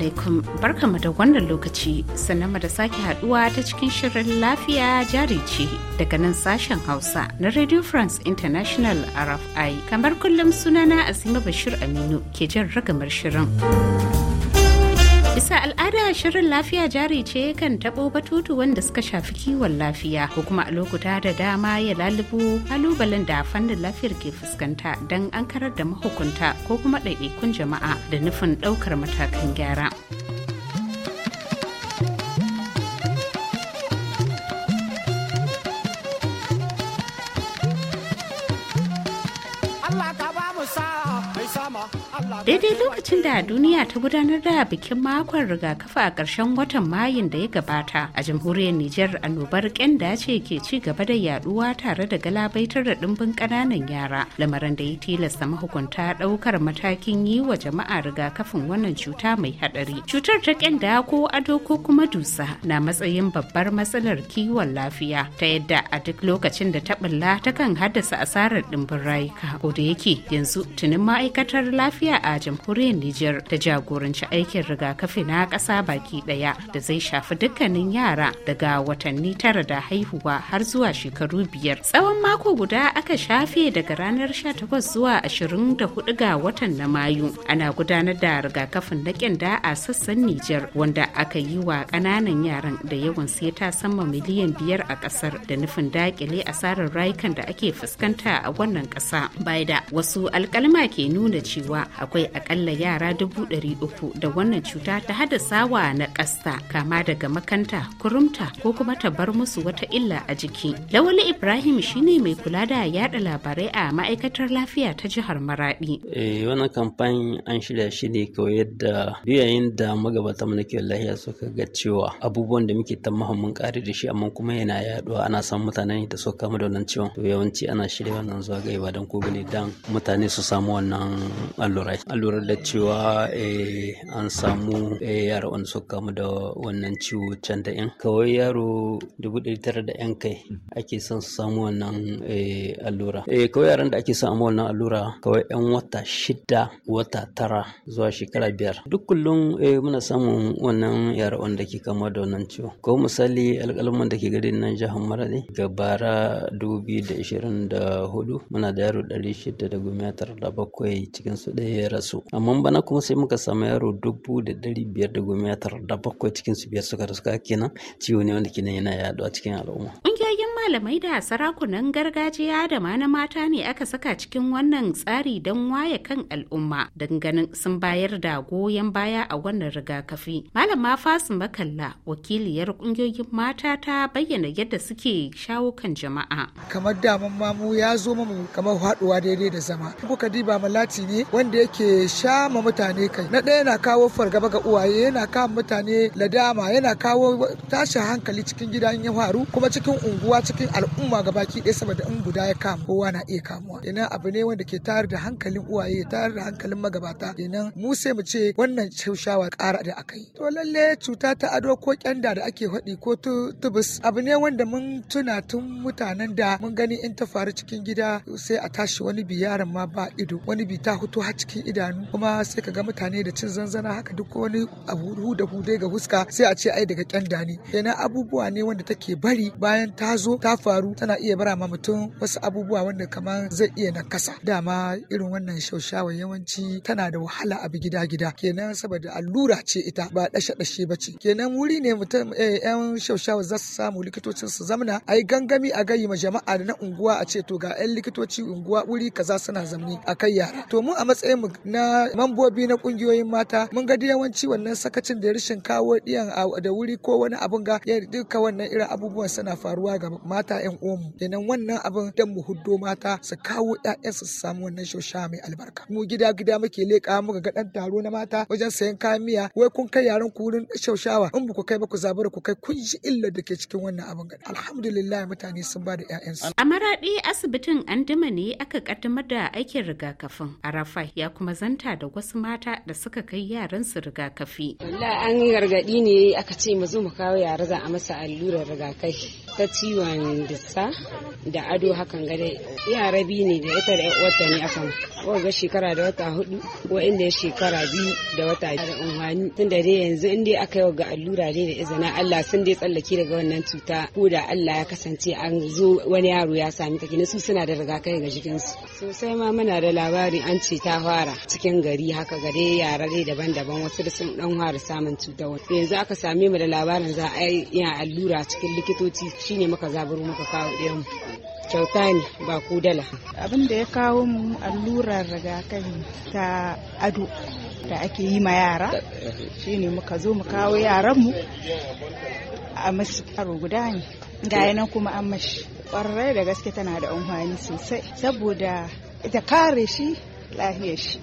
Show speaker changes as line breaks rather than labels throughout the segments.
alaikum barkamu da wannan lokaci sannan da sake haduwa ta cikin shirin lafiya jari ce daga nan sashen Hausa na Radio France International RFI. Kamar kullum sunana Azima Bashir Aminu ke jan ragamar shirin. al Wannan shirin lafiya jari ce kan taɓo batutu wanda suka shafi kiwon lafiya ko kuma a lokuta da dama ya lalubo kalubalen da fannin lafiyar ke fuskanta don an karar da mahukunta ko kuma ɗaiɗaikun jama'a da nufin ɗaukar matakan gyara.
daidai lokacin
da duniya ta gudanar da bikin makon rigakafi a ƙarshen watan mayun da ya gabata a jamhuriyar nijar annobar ƙyanda ce ke ci gaba da yaduwa tare da galabaitar da ɗimbin ƙananan yara lamarin da ya tilasta mahukunta ɗaukar matakin yi wa jama'a rigakafin wannan cuta mai haɗari cutar ta ƙyanda ko ado ko kuma dusa na matsayin babbar matsalar kiwon lafiya ta yadda a duk lokacin da ta ta takan haddasa asarar ɗimbin rayuka ko da yake yanzu tunin ma'aikatar lafiya a a jamhuriyar Nijar ta jagoranci aikin rigakafi na ƙasa baki ɗaya da zai shafi dukkanin yara daga watanni tara da haihuwa har zuwa shekaru biyar. Tsawon mako guda aka shafe daga ranar 18 zuwa 24 ga watan na Mayu. Ana gudanar da rigakafin na ƙyanda a sassan Nijar wanda aka yi wa ƙananan yaran da yawan sai ta sama miliyan biyar a ƙasar da nufin daƙile asarar rayukan da ake fuskanta a wannan ƙasa. Bai da wasu alƙalma ke nuna cewa akwai akwai akalla yara dubu ɗari uku da wannan cuta ta haddasa wa na ƙasta kama daga makanta kurumta ko kuma ta bar musu wata illa a jiki lawali ibrahim shine mai kula da yada labarai a ma'aikatar lafiya ta jihar maradi
eh wannan kamfani an shirya shi ne kawai yadda da magabata mu na lafiya suka ga cewa abubuwan da muke ta mun kare da shi amma kuma yana yaduwa ana san mutanen da suka kama da wannan ciwon to yawanci ana shirya wannan zuwa ga ibadan ko dan mutane su samu wannan allurai an lura da cewa eh, an samu eh, yara wanda suka kamu da wannan ciwo can da yan kawai yaro dubu ɗari tara da yan kai ake son su samu wannan eh, allura kawai yaran da ake samu wannan allura kawai yan wata shida wata tara zuwa shekara biyar duk kullum muna samun wannan yara wanda ke kama da wannan ciwo ko misali alƙalman da ke garin nan jihar marade Gabara dubu biyu da ishirin da hudu muna da yaro ɗari shida da goma tara da bakwai cikin su ɗaya su amma bana kuma sai muka samu yaro dubu da ɗari biyar da goma da bakwai cikin su biyar suka suka kenan ciwo ne wanda kenan yana yaduwa cikin al'umma
ƙungiyoyin malamai da sarakunan gargajiya da ma na mata ne aka saka cikin wannan tsari don waye kan al'umma ganin sun bayar da goyon baya a wannan rigakafi malama fasu makalla wakiliyar ƙungiyoyin mata ta bayyana yadda suke shawo kan jama'a
kamar daman mamu ya zo mu kamar haɗuwa daidai da zama kuka diba malati ne wanda yake ke sha ma mutane kai na ɗaya yana kawo fargaba ga uwaye yana kawo mutane ladama yana kawo tashin hankali cikin gida in ya faru kuma cikin unguwa cikin al'umma gabaki ɗaya saboda in guda ya kama kowa na iya kamuwa idan abu ne wanda ke tayar da hankalin uwaye ya tayar da hankalin magabata idan mu sai mu ce wannan shaushawa ƙara da aka yi to lalle cuta ta ado ko kyanda da ake haɗi ko tubus abu ne wanda mun tuna tun mutanen da mun gani in ta faru cikin gida sai a tashi wani bi yaron ma ba ido wani bi ta hutu har cikin ido idanu kuma sai ka ga mutane da cin zanzana haka duk wani abu huda hudai ga huska sai a ce ai daga kyan dani kenan abubuwa ne wanda take bari bayan ta zo ta faru tana iya bara ma mutum wasu abubuwa wanda kamar zai iya na kasa. dama irin wannan shaushawa yawanci tana da wahala a gida gida kenan saboda allura ce ita ba dashe dashe ba ce kenan wuri ne mutum eh, yan shaushawa za su samu likitocin su zamna ai gangami a gayi ma jama'a da na unguwa a ce to ga yan likitoci unguwa wuri kaza suna zamni a kai yara to mu a matsayin mu na mambobi na kungiyoyin mata mun ga yawanci wannan sakacin da rashin kawo diyan da wuri ko wani abun ga ya duka wannan irin abubuwan suna faruwa ga mata yan uwanmu kenan wannan abin dan mu huddo mata su kawo ƴaƴan su samu wannan shosha mai albarka mu gida gida muke leƙa muka ga dan taro na mata wajen sayan kayan miya wai kun kai yaran ku wurin shoshawa in ba ku kai ba ku zabar ku kai kun ji illar da ke cikin wannan abin ga alhamdulillah mutane sun ba da ƴaƴansu a
maraɗi asibitin andima ne aka kaddamar da aikin rigakafin arafa ya kuma zanta da wasu mata da suka kai yaransu rigakafi. Wallahi an gargaɗi ne aka ce mu zo mu kawo yara za a masa allurar rigakafi. ta ciwon dissa da ado hakan ga yara biyu ne da ita da wata ne akan ga shekara da wata hudu wa'inda ya shekara biyu da wata da unhwani tun da dai yanzu in dai aka yi ga allura dai da izina Allah sun dai tsallake daga wannan cuta ko da Allah ya kasance an zo wani yaro ya sami ta kina su suna da rigakafi ga jikinsu sosai ma muna da labari an ce ta fara cikin gari haka ga dai yara dai daban-daban wasu da sun dan fara samun cuta yanzu aka same mu da labarin za a yi allura cikin likitoci ne muka muka kawo ɗayan kyauta ne ba ku abin da ya kawo mu allurar rigakafi ta ado da ake yi ma yara shi ne muka zo mu kawo yaranmu a masu karo guda ne ga nan kuma an mashi ƙwararrai da gaske tana da amfani sosai saboda
ita kare shi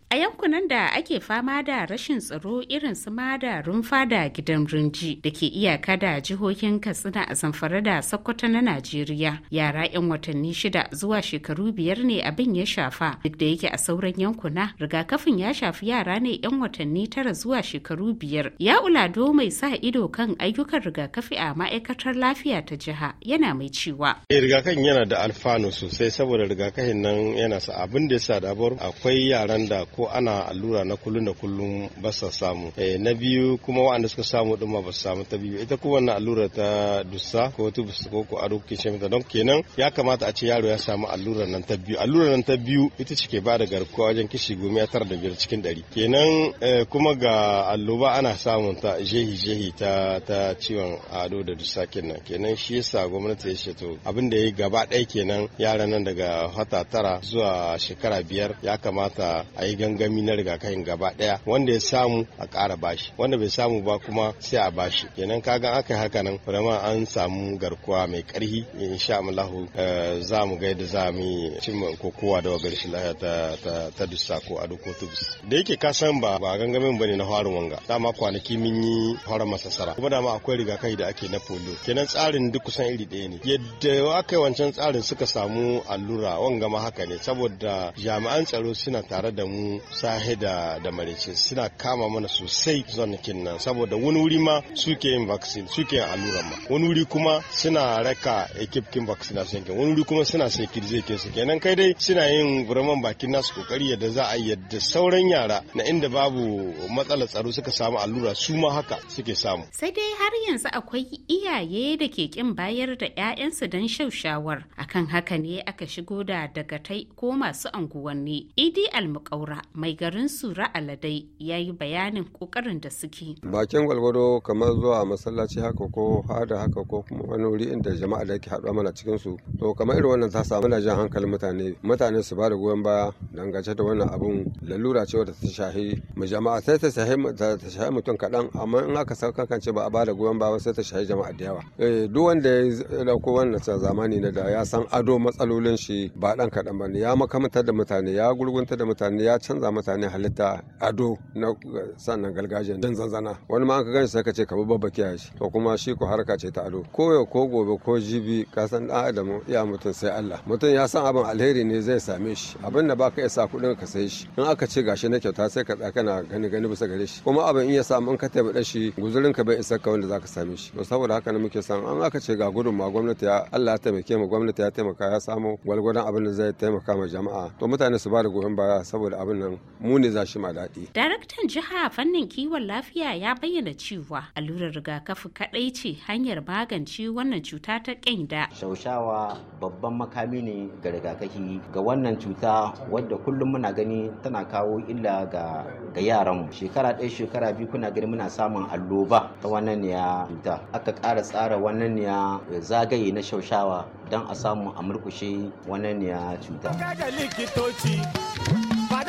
A yankunan da ake fama da rashin tsaro irin su da rumfa da gidan rinji da ke iyaka da jihohin Katsina a zamfara da Sokoto na Najeriya yara 'yan watanni shida zuwa shekaru biyar ne abin ya shafa duk da yake a sauran yankuna rigakafin ya shafi yara ne 'yan watanni tara zuwa shekaru biyar. Ya ulado mai sa ido kan ayyukan rigakafi a ma'aikatar lafiya ta jiha yana mai cewa.
Eh, rigakafin yana da alfanu sosai saboda rigakafin nan yana sa abin da ya sa da akwai akwai yaran da ko ana allura na kullum da kullum ba sa samu eh, na biyu kuma waɗanda suka samu din ma ba su samu ta biyu ita kuma wannan allura ta dussa ko tubus ko ko aro kishin mita don kenan ya kamata a ce yaro ya samu allura nan ta biyu allura nan ta biyu ita ce ke bada garkuwa wajen kishi goma tara da biyar cikin ɗari kenan eh, kuma ga alluba ana samun ta jehi jehi ta ta ciwon ado da dussa kenan kenan shi yasa gwamnati ya ce to abin da ya gaba ɗaya kenan yaran nan daga wata tara zuwa shekara biyar ya kamata kamata a yi gangami na rigakafin gaba daya wanda ya samu a ƙara bashi wanda bai samu ba kuma sai a bashi kenan kaga aka yi haka nan kuma an samu garkuwa mai ƙarfi insha Allah eh, za mu ga yadda za mu ko kokowa da wagar shi eh, ta ta ta ko a duk otobus da yake ka san ba ba gangamin bane na harin wanga dama kwanaki mun yi harin masasara kuma dama akwai rigakafi da ake na polio kenan tsarin duk kusan iri ɗaya ne yadda aka yi wancan tsarin suka samu allura wanga ma haka ne saboda jami'an tsaro suna suna tare da mu sahe da da marice suna kama mana sosai zonakin nan saboda wani wuri ma suke yin vaccine suke yin ma wani wuri kuma suna raka ekipkin sun ke wani wuri kuma suna zai ke su kenan kai dai suna yin buraman bakin nasu kokari yadda za a yadda sauran yara na inda babu matsalar tsaro suka samu allura su ma haka suke samu
sai dai har yanzu akwai iyaye da ke kin bayar da 'ya'yansu don shaushawar akan haka ne aka shigo da dagatai ko masu anguwanni idi almukaura mai garin sura aladai ya yi bayanin kokarin da suke
bakin gwalgwado kamar zuwa masallaci haka ko hada haka ko kuma wani wuri inda jama'a da ke haɗuwa mana cikin su to kamar irin wannan ta samu na jan hankalin mutane mutane su ba da goyon baya dangance da wannan abun lalura ce wadda ta shahi mu jama'a sai ta shahi ta shahi mutum kaɗan amma in aka sauka kan ce ba a ba da goyon baya sai ta shahi jama'a da yawa eh, duk wanda ya dauko wannan zamani na da ya san ado matsalolin shi ba ɗan kaɗan ba ne ya makamantar da mutane ya gurgun da mutane ya canza mutane halitta ado na sannan gargajiya dan zanzana wani ma an ka gani sai ka ce ka babba a shi to kuma shi ko harka ce ta ado ko yau ko gobe ko jibi ka san dan adamu ya mutum sai Allah mutum ya san abin alheri ne zai same shi abin da baka sa kuɗi ka sai shi in aka ce gashi na kyauta sai ka tsaka kana gani gani bisa gare shi kuma abin in ya samu in ka da shi guzurin ka bai isa ka wanda zaka same shi to saboda haka ne muke san an aka ce ga gudun ma gwamnati ya Allah ya taimake mu gwamnati ya taimaka ya samu gwalgwadon abin da zai taimaka ma jama'a to mutane su ba da goyon baya saboda abin nan mu ne za shi ma daɗi.
Daraktan jiha fannin kiwon lafiya ya bayyana cewa allurar rigakafi kaɗai ce hanyar magance wannan cuta ta ƙyanda.
Shaushawa babban makami ne ga rigakafi ga wannan cuta wadda kullum muna gani tana kawo illa ga ga mu shekara ɗaya shekara biyu kuna gani muna samun alloba ta wannan ya cuta aka ƙara tsara wannan ya zagaye na shaushawa don a samu a murkushe wannan ya cuta.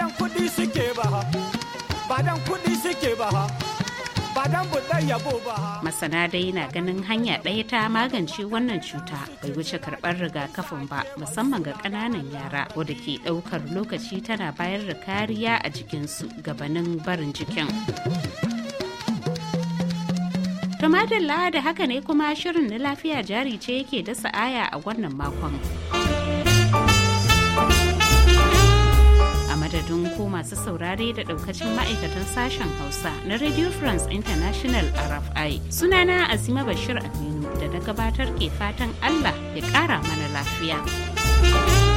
dan kudi suke ba ha ba dan suke ba ha
masana dai na ganin hanya ɗaya ta magance wannan cuta bai wuce karɓar rigakafin ba musamman ga ƙananan yara wadda ke ɗaukar lokaci tana bayar da kariya a jikinsu gabanin barin jikin. tumatir da haka ne kuma shirin na lafiya jari ce yake dasa aya a wannan makon. madadin ko masu saurare da daukacin ma'aikatan sashen hausa na radio france international rfi sunana azima bashir aminu da na gabatar ke
fatan allah ya kara mana lafiya.